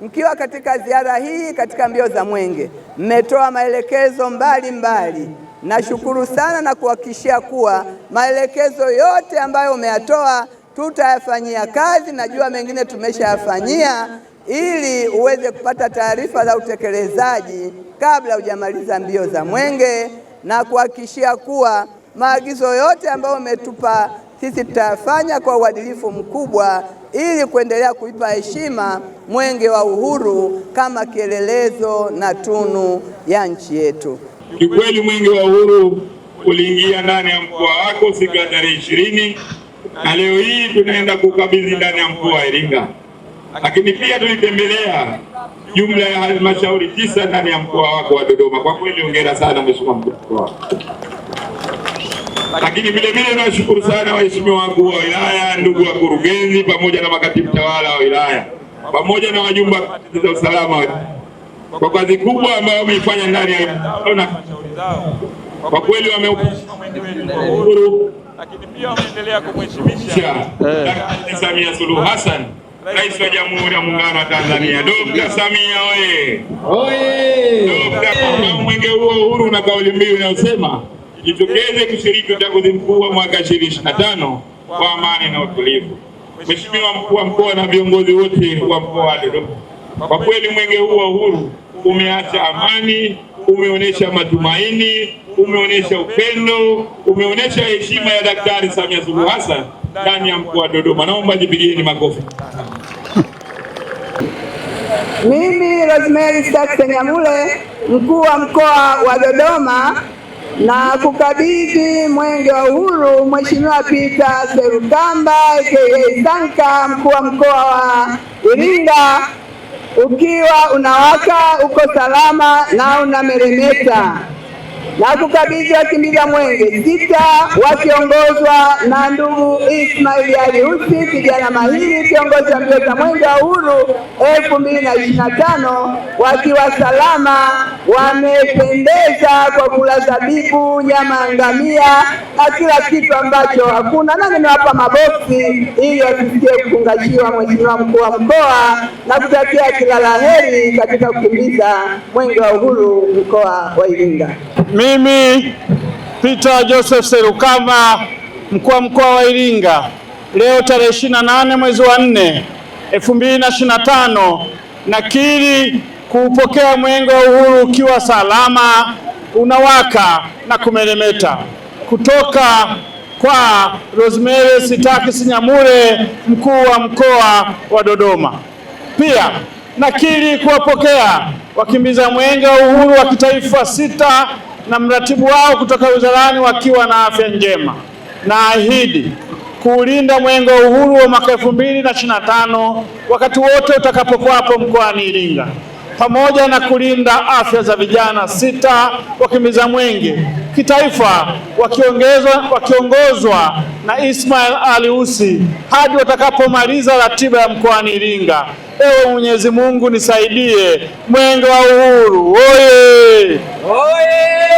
Mkiwa katika ziara hii katika mbio za Mwenge, mmetoa maelekezo mbalimbali. Nashukuru sana na kuhakikishia kuwa maelekezo yote ambayo umeyatoa tutayafanyia kazi. Najua mengine tumeshayafanyia ili uweze kupata taarifa za utekelezaji kabla hujamaliza mbio za Mwenge, na kuhakikishia kuwa maagizo yote ambayo umetupa sisi tutayafanya kwa uadilifu mkubwa ili kuendelea kuipa heshima Mwenge wa Uhuru kama kielelezo na tunu ya nchi yetu. Kikweli Mwenge wa Uhuru uliingia ndani ya mkoa wako siku ya tarehe ishirini na leo hii tunaenda kukabidhi ndani ya mkoa wa Iringa, lakini pia tulitembelea jumla ya halmashauri tisa ndani ya mkoa wako wa Dodoma. Kwa kweli, ongera sana mheshimiwa mkuu wa mkoa. Lakini vile vile nawashukuru sana waheshimiwa wakuu wa wilaya, ndugu wakurugenzi, pamoja na makatibu tawala wa wilaya, pamoja na wajumba za usalama kwa kazi kubwa ambayo wameifanya ndani ya kwa kweli wamehuru, lakini pia wameendelea kumheshimisha Daktari Samia Suluhu Hassan, Rais wa Jamhuri ya Muungano wa Tanzania. Dokta Samia oye! Dokta mwenge huo uhuru na kauli mbiu inayosema jitokeze kushiriki uchaguzi mkuu wa mwaka 2025 kwa amani na utulivu. Mheshimiwa mkuu wa mkoa na viongozi wote wa mkoa wa Dodoma, kwa kweli mwenge huu wa uhuru umeacha amani, umeonyesha matumaini, umeonyesha upendo, umeonyesha heshima ya Daktari Samia Suluhu Hassan ndani ya mkoa wa Dodoma. Naomba jipigieni makofi. Mimi Rosemary Staksenyamule, mkuu wa mkoa wa Dodoma na kukabidhi mwenge wa uhuru Mheshimiwa Peter Serukamba aka Sanka, mkuu wa mkoa wa Iringa, ukiwa unawaka, uko salama na unameremeta na kukabidhi wakimbiza mwenge sita wakiongozwa na ndugu Ismail Ali Usi, kijana mahiri kiongozi wa mbio za mwenge wa uhuru elfu mbili na ishirini na tano wakiwa salama wamependeza kwa kula zabibu, nyama ngamia na kila kitu ambacho hakuna na nimewapa maboksi ili wasisikie kufungashiwa. Mheshimiwa mkuu wa mkoa na kutakia kila la heri katika kukimbiza mwenge wa uhuru mkoa wa Iringa. Mimi Peter Joseph Serukama, mkuu wa mkoa wa Iringa, leo tarehe 28 mwezi wa 4 2025, nakiri kuupokea mwenge wa uhuru ukiwa salama unawaka na kumeremeta kutoka kwa Rosemary Sitaki Sinyamure, mkuu wa mkoa wa Dodoma. Pia nakiri kuwapokea wakimbiza mwenge wa uhuru wa kitaifa sita na mratibu wao kutoka wizarani wakiwa na afya njema. Naahidi kuulinda mwenge wa uhuru wa mwaka elfu mbili na ishirini na tano wakati wote utakapokuwapo mkoani Iringa, pamoja na kulinda afya za vijana sita wakimbiza mwenge kitaifa wakiongezwa wakiongozwa na Ismail Ali Usi hadi watakapomaliza ratiba ya mkoani Iringa. Ewe Mwenyezi Mungu nisaidie, mwenge wa uhuru oye, oye!